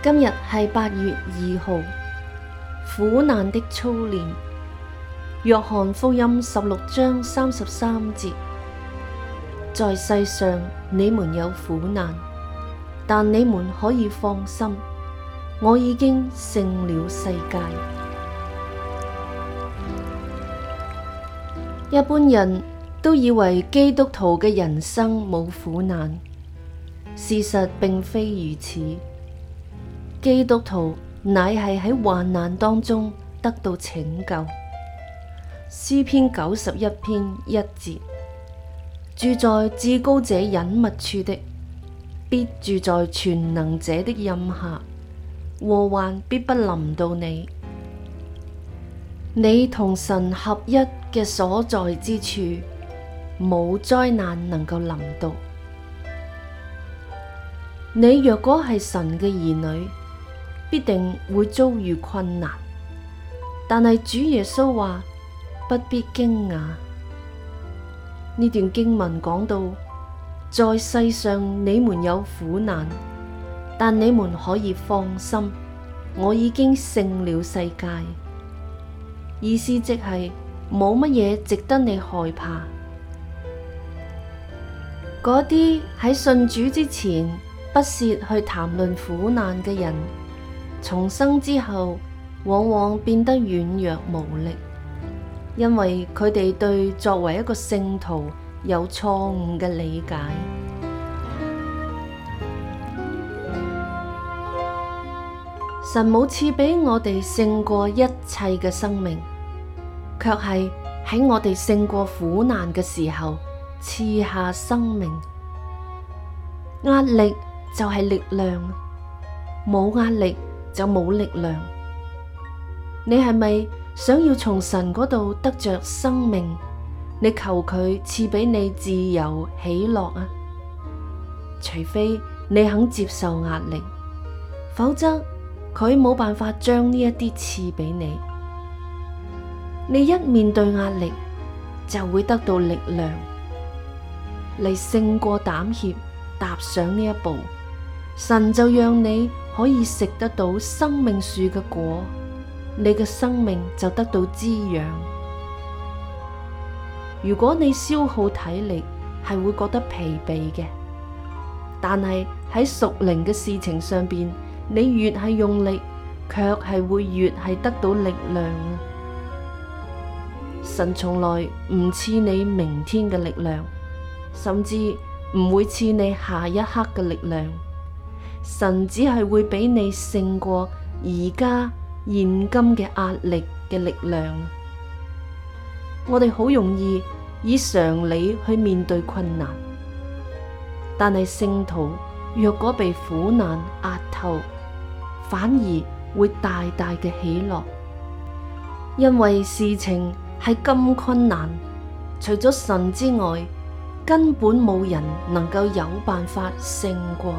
今日係八月二號，苦難的操練。約翰福音十六章三十三節：在世上，你們有苦難，但你們可以放心，我已經勝了世界。一般人都以為基督徒嘅人生冇苦難，事實並非如此。基督徒乃係喺患難當中得到拯救。詩篇九十一篇一節：住在至高者隱密處的，必住在全能者的蔭下，禍患必不臨到你。你同神合一嘅所在之處，冇災難能夠臨到。你若果係神嘅兒女。必定會遭遇困難，但係主耶穌話不必驚訝。呢段經文講到，在世上你們有苦難，但你們可以放心，我已經勝了世界。意思即係冇乜嘢值得你害怕。嗰啲喺信主之前不屑去談論苦難嘅人。重生之後，往往變得軟弱無力，因為佢哋對作為一個聖徒有錯誤嘅理解。神冇賜俾我哋勝過一切嘅生命，卻係喺我哋勝過苦難嘅時候賜下生命。壓力就係力量，冇壓力。就冇力量。你係咪想要從神嗰度得着生命？你求佢賜俾你自由喜樂啊？除非你肯接受壓力，否則佢冇辦法將呢一啲賜俾你。你一面對壓力，就會得到力量，你勝過膽怯，踏上呢一步，神就讓你。可以食得到生命樹嘅果，你嘅生命就得到滋養。如果你消耗體力，係會覺得疲憊嘅。但係喺屬靈嘅事情上邊，你越係用力，卻係會越係得到力量。神從來唔賜你明天嘅力量，甚至唔會賜你下一刻嘅力量。神只係會俾你勝過而家現今嘅壓力嘅力量。我哋好容易以常理去面對困難，但係聖徒若果被苦難壓透，反而會大大嘅喜樂，因為事情係咁困難，除咗神之外，根本冇人能夠有辦法勝過。